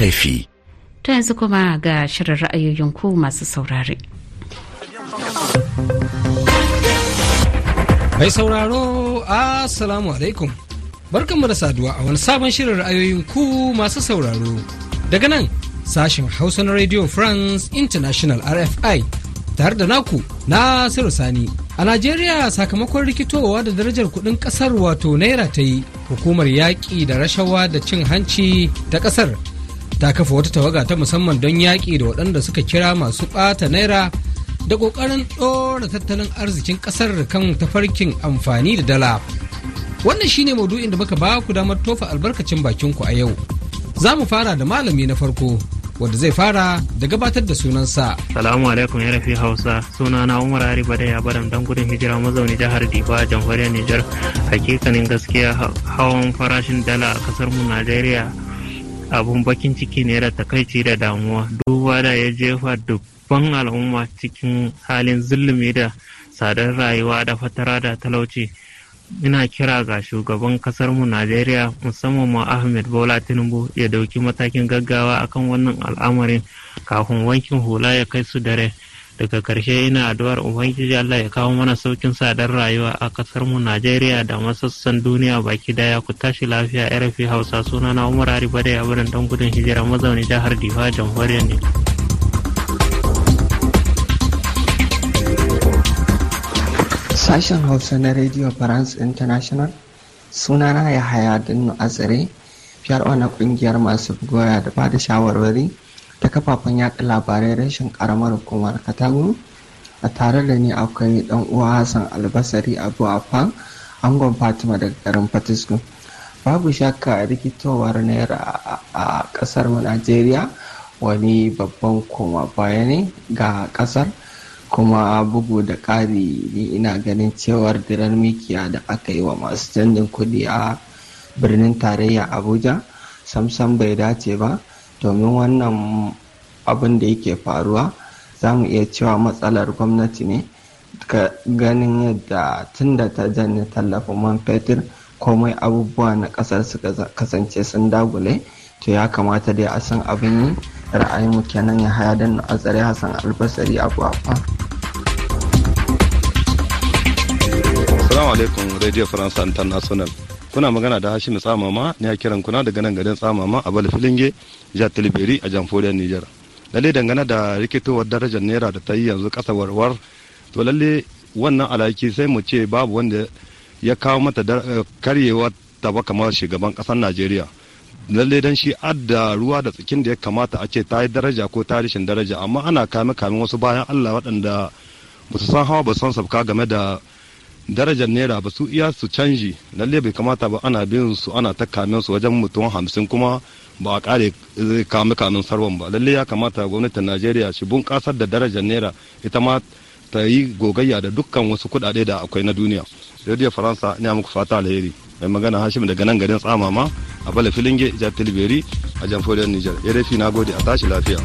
RFI. Ta yanzu kuma ga shirin ra'ayoyin ku masu saurare. Mai sauraro, Assalamu alaikum. Barkanmu da saduwa a wani sabon shirin ra'ayoyin ku masu sauraro. Daga nan, sashen Hausa na Radio France International RFI. tare da naku nasiru sani a najeriya sakamakon rikitowa da darajar kudin kasar wato naira ta yi hukumar yaƙi da rashawa da cin hanci ta kasar ta kafa wata tawaga ta musamman don yaƙi da waɗanda suka kira masu ɓata naira da ƙoƙarin ɗora tattalin arzikin ƙasar kan tafarkin amfani da dala. Wannan shine maudu'in da muka ba ku damar tofa albarkacin bakin ku a yau. Za mu fara da malami na farko wanda zai fara da gabatar da sunansa. Salamu alaikum ya rafi Hausa suna na Umar Bada Badaya Baram dan gudun hijira mazauni jihar Diba jamhuriyar Nijar hakikanin gaskiya hawan farashin dala a kasar mu Najeriya abun bakin ciki ne da takaici da damuwa duba da ya jefa dubban al'umma cikin halin zulumi da tsadar rayuwa da fatara da talauci ina kira ga shugaban kasarmu najeriya musamman ma ahmed bola tinubu ya dauki matakin gaggawa akan wannan al'amarin kafin wankin hula ya kai su dare daga karshe ina addu'ar ubangiji Allah ya kawo mana saukin sadar rayuwa a kasar mu Najeriya da masassan duniya baki daya ku tashi lafiya RFI Hausa suna na Umar Ariba da yabaran dan gudun hijira mazauni jihar Difa jamhuriyar ne. Sashen Hausa na Radio France International suna na ya haya dinnu azare fiyar na kungiyar masu goya da bada shawarwari ta kafafen yaɗa labarai rashin karamar hukumar Katagun. A tare da ni akwai dan uwa Hassan Albasari Abu Afan angon Fatima daga garin Fatisku. Babu shakka rikitowar naira a kasar mu Najeriya wani babban koma baya ne ga kasar kuma bugu da ƙari ni ina ganin cewar dirar mikiya da aka yi wa masu canjin kudi a birnin tarayya abuja samsam bai dace ba domin wannan abin da yake faruwa za mu iya cewa matsalar gwamnati ne ganin yadda tun da ta janye tallafin man fetur komai abubuwa na kasar suka kasance sun dagule to ya kamata dai a san abin yi ra'ayin mu kenan ya haya dan tsare hassan albasari abu afa assalamu alaikum radio france international kuna magana da hashimu Tsamama ne ya kiran kuna daga nan garin Tsamama a Bala Filinge jihar Tilbiri a Jamhuriyar Nijar lalle dangane da rikitowar darajar naira da ta yi yanzu kasa warwar to lalle wannan alhaki sai mu ce babu wanda ya kawo mata eh, karyewa ta ba kamar shugaban kasar Najeriya lalle dan shi adda ruwa da tsakin da ya kamata a ce ta yi daraja ko ta daraja amma ana kame kamin wasu bayan Allah waɗanda ba su san hawa ba su san sabka game da darajar naira ba su iya su canji lalle bai kamata ba ana bin su ana ta kamen su wajen mutum hamsin kuma ba a kare eh, kame kamin sarwan ba lalle ya kamata gwamnatin najeriya shi bunƙasar da darajar naira ita ma ta yi gogayya da dukkan wasu kuɗaɗe da akwai na duniya radio faransa ne muku fata alheri mai magana hashim daga nan garin tsamama a bala filinge ja tilberi a jamforiyar niger erefi eh, na gode a tashi lafiya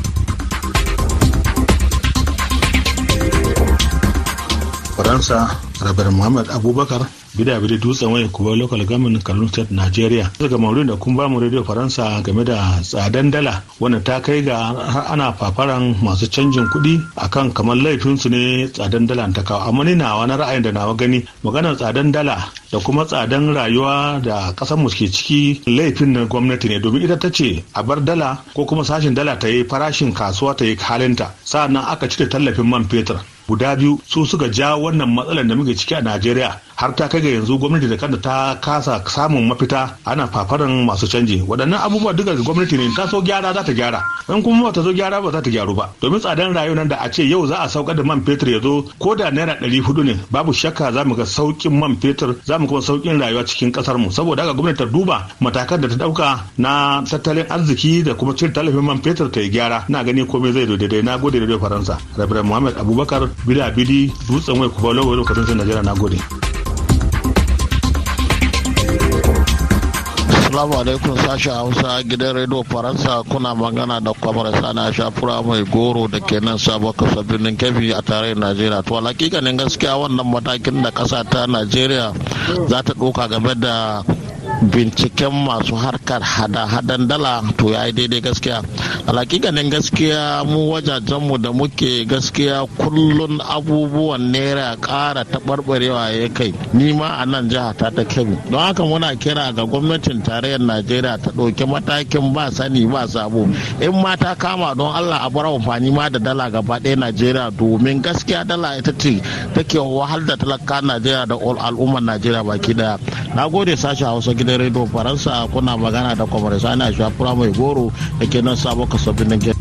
faransa rabar muhammad abubakar bida bida dutsen waya kuma local government kano state nigeria daga maurin da kun bamu radio faransa game da tsadan dala wanda ta kai ga ana fafaran masu canjin kuɗi akan kamar laifinsu ne tsadan dala ta kawo amma ni nawa na ra'ayin da nawa gani maganar tsadan dala da kuma tsadan rayuwa da ƙasar mu ke ciki laifin na gwamnati ne domin ita ta ce a bar dala ko kuma sashin dala ta yi farashin kasuwa ta yi halinta sa'annan aka cire tallafin man fetur guda biyu su suka ja wannan matsalar da muke ciki a najeriya har ta kai ga yanzu gwamnati da kanta ta kasa samun mafita ana fafaran masu canji waɗannan abubuwa duka da gwamnati ne ta so gyara za ta gyara in kuma ba ta so gyara ba za ta gyaru ba domin tsadan rayuwa nan da a ce yau za a saukar da man fetur ya zo ko da naira ɗari hudu ne babu shakka za mu ga sauƙin man fetur za mu kuma sauƙin rayuwa cikin ƙasar mu saboda haka gwamnati ta duba matakan da ta ɗauka na tattalin arziki da kuma cire tallafin man fetur ta yi gyara na gani komai zai daidai na gode da faransa rabira muhammad abubakar bila bili dutsen wai kuma lokacin najeriya na gode. Assalamu alaikum sashen Hausa gidan Radio Faransa kuna magana da kwamar sana shafura mai goro da ke nan sabon kasa birnin Kebbi a tarayyar Najeriya. To ne gaskiya wannan matakin da kasa ta Najeriya za ta ɗauka game da binciken masu harkar hada-hadan dala to ya yi daidai gaskiya ganin gaskiya mu wajajenmu da muke gaskiya kullun abubuwan naira ƙara taɓarɓarewa ya kai nima a nan jiha ta ta kebbi don haka muna kira ga gwamnatin tarayyar najeriya ta ɗauki matakin ba sani ba sabo in ma ta kama don allah a bar amfani ma da dala gaba ɗaya najeriya domin gaskiya dala ita ce take wahal da talaka najeriya da al'ummar najeriya baki ɗaya na gode sashi hausa gida gidan faransa kuna magana da kwamar sani a shafura mai goro da ke nan sabon kasabin nigeria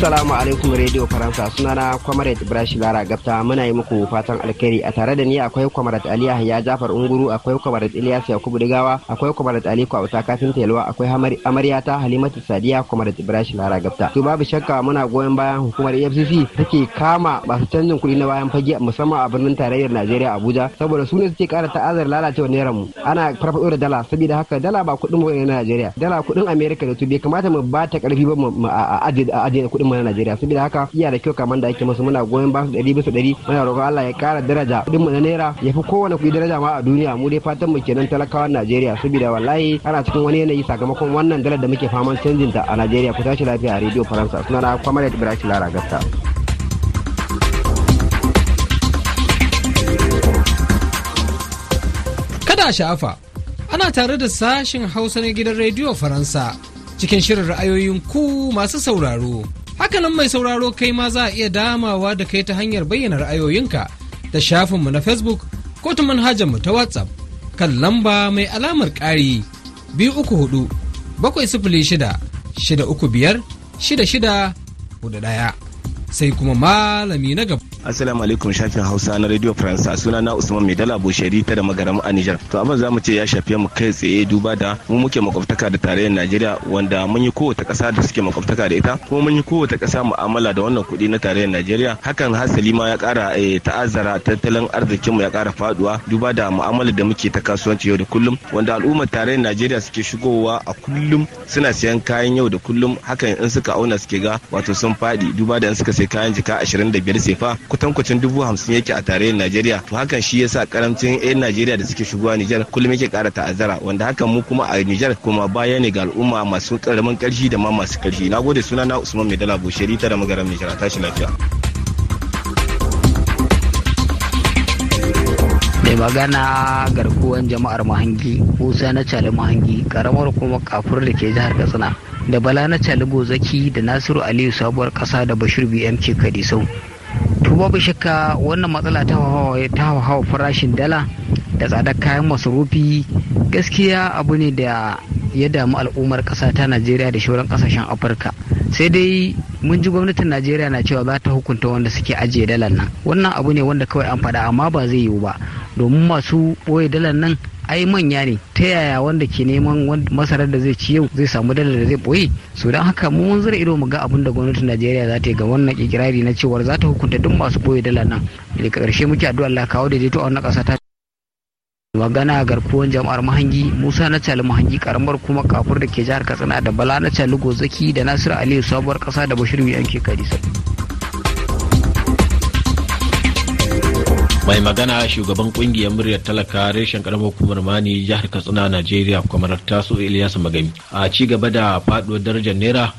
Assalamu alaikum Radio Faransa sunana Comrade Ibrahim Lara Gafta muna yi muku fatan alkhairi a tare da ni akwai Comrade Ali Yahya Jafar Unguru akwai Comrade Ilyas Yakubu Digawa akwai Comrade Ali Kwauta Kafin Telwa akwai Amaryata Halimatu Sadiya Comrade Ibrahim Lara Gafta to babu shakka muna goyon bayan hukumar EFCC take kama masu canjin kuɗi na bayan fage musamman a birnin tarayyar Najeriya Abuja saboda su ne suke kara ta'azar lalacewa naira mu ana farfaɗo da dala saboda haka dala ba kuɗin mu na Najeriya dala kuɗin America da to bai kamata mu ba ta ƙarfi ba mu a ajiye kuɗin al'umma na Najeriya saboda haka iya da kyau kamar da ake musu muna goyon ba su ɗari bisa ɗari muna roƙon Allah ya ƙara daraja kuɗin mu na naira ya fi kowane kuɗi daraja ma a duniya mu dai fatan mu kenan talakawan Najeriya saboda wallahi ana cikin wani yanayi sakamakon wannan dalar da muke faman canjin ta a Najeriya ku tashi lafiya a Radio Faransa suna na da Ibrahim Lara Gasta. Kada sha'afa ana tare da sashin Hausa na gidan Radio Faransa cikin shirin ra'ayoyin ku masu sauraro. Hakanan mai sauraro kai ma za a iya damawa da kai ta hanyar bayyana ra'ayoyinka da shafinmu na Facebook ko ta manhajarmu ta WhatsApp kan lamba mai alamar ƙari biyu uku hudu bakwai sifili shida shida uku biyar shida shida hudu ɗaya. sai kuma malami na gaba. Assalamu alaikum shafin Hausa na Radio France a suna na Usman Maidala Bushari ta da magaram a Niger. To abin za mu ce ya shafi mu kai tsaye duba da mu muke makwabtaka da tarayyar Najeriya wanda mun yi kowace ƙasa da suke makwabtaka da ita kuma mun yi kowace ƙasa mu'amala da wannan kuɗi na tarayyar Najeriya. Hakan hasali ma ya ƙara eh, ta'azzara tattalin arzikin mu ya ƙara faduwa duba da mu'amala da muke ta kasuwanci yau da kullum wanda al'ummar tarayyar Najeriya suke shigowa a kullum suna siyan kayan yau da kullum hakan in suka auna suke ga wato sun faɗi duba da in suka sai kayan jika 25 sefa kutankucin dubu hamsin yake a tarayyar Najeriya to hakan shi yasa karamcin 'yan Najeriya da suke shigowa Nijar kullum yake kara ta'azzara wanda hakan mu kuma a Nijar kuma baya ne ga al'umma masu karamin karshi da ma masu karshi nagode suna na Usman dala bushe ta da magaram Nijar tashi lafiya mai magana garkuwan jama'ar mahangi musa na cali mahangi karamar kuma kafur da ke jihar katsina da bala na cali gozaki da nasiru aliyu sabuwar kasa da bashir bmk kadisau to babu shakka wannan matsala ta hawa farashin dala da tsadar kayan masarufi gaskiya abu ne da ya damu al'ummar kasa ta najeriya da shauran kasashen afirka sai dai mun ji gwamnatin najeriya na cewa za ta hukunta wanda suke ajiye dalar nan wannan abu ne wanda kawai an faɗa amma ba zai yiwu ba domin masu ɓoye dalar nan ai manya ne ta yaya wanda ke neman masarar da zai ci yau zai samu dalar da zai boye so don haka mu mun zura ido mu ga abin da gwamnatin Najeriya za ta yi ga wannan ikirari na cewar za ta hukunta duk masu boye dalar nan daga karshe muke addu'a Allah kawo daidaito a wannan ƙasa ta magana garkuwan jama'ar mahangi musa na cali mahangi karamar kuma kafur da ke jihar katsina da bala na cali gozaki da nasiru aliyu sabuwar kasa da bashir mai yanke kadisa mai magana shugaban kungiyar muryar talaka reshen karamar hukumar mani jihar katsina najeriya kwamar taso ilyasu magami a ci gaba da faduwar darajar naira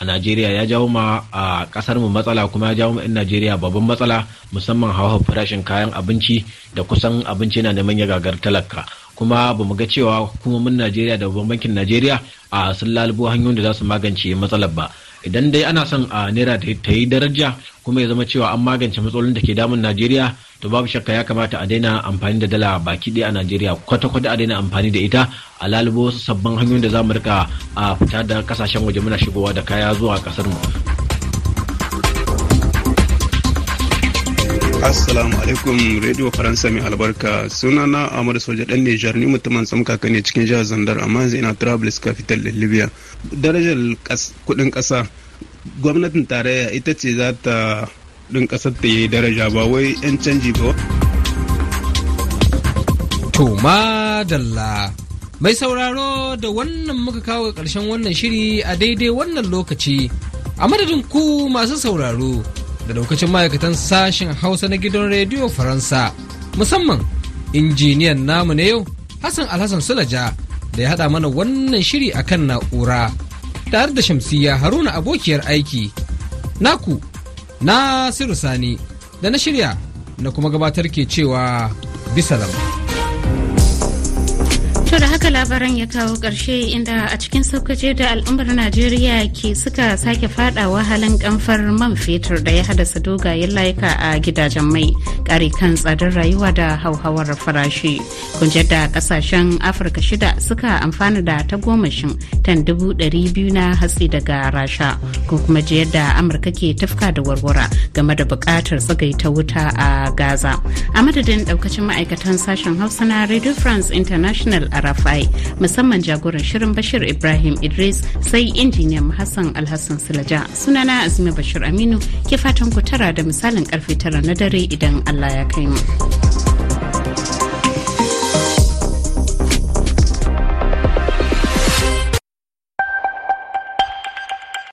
a najeriya ya jawo ma a kasar mu matsala kuma ya jawo ma 'yan najeriya babban matsala musamman hawa farashin kayan abinci da kusan abinci na neman ya gagar talaka kuma ba mu ga cewa hukumomin najeriya da babban bankin najeriya a sun lalubo hanyoyin da za su magance matsalar ba idan dai ana son a naira ta yi daraja kuma ya zama cewa an magance matsalolin da ke damun najeriya to babu shakka ya kamata a daina amfani da dala baki ɗaya a najeriya kwata-kwata a daina amfani da ita a lalubo sabbin hanyoyin da za mu rika a fita da kasashen waje muna shigowa da kaya zuwa kasar mu Assalamu alaikum Radio Faransa mai albarka suna na amur Soja dan Nijar ni mutumin tsamkaka ne cikin jihar Zandar amma yanzu ina Travelers Capital da Libya. Darajar kudin kasa gwamnatin tarayya ita ce za ta din kasar ta yi daraja ba wai 'yan canji ba. To madalla mai sauraro da wannan muka kawo ga ƙarshen wannan shiri a daidai wannan lokaci a madadin ku masu sauraro da lokacin ma'aikatan sashen hausa na gidan rediyo faransa musamman injiniyan namu na yau hassan alhassan sulaja da ya haɗa mana wannan shiri a kan na'ura tare da shamsiya haruna abokiyar aiki naku na siru sani da na shirya na kuma gabatar ke cewa bisa lamba. To da haka labaran ya kawo ƙarshe inda a cikin saukace da al'ummar Najeriya ke suka sake fadawa halin kamfar man fetur da ya haddasa dogayen layuka a gidajen mai. kare kan tsadar rayuwa da hauhawar farashi kun da kasashen afirka shida suka amfana da tagomashin tan dubu ɗari biyu na hatsi daga rasha ko kuma ji yadda amurka ke tafka da warwara game da buƙatar ta wuta a gaza a madadin ɗaukacin ma'aikatan sashen hausa na radio france international rfi musamman jagoran shirin bashir ibrahim idris sai injiniyan hassan alhassan Sulaja sunana azumi bashir aminu ke fatan ku tara da misalin karfe tara na dare idan allah wilaya ya Kaimu.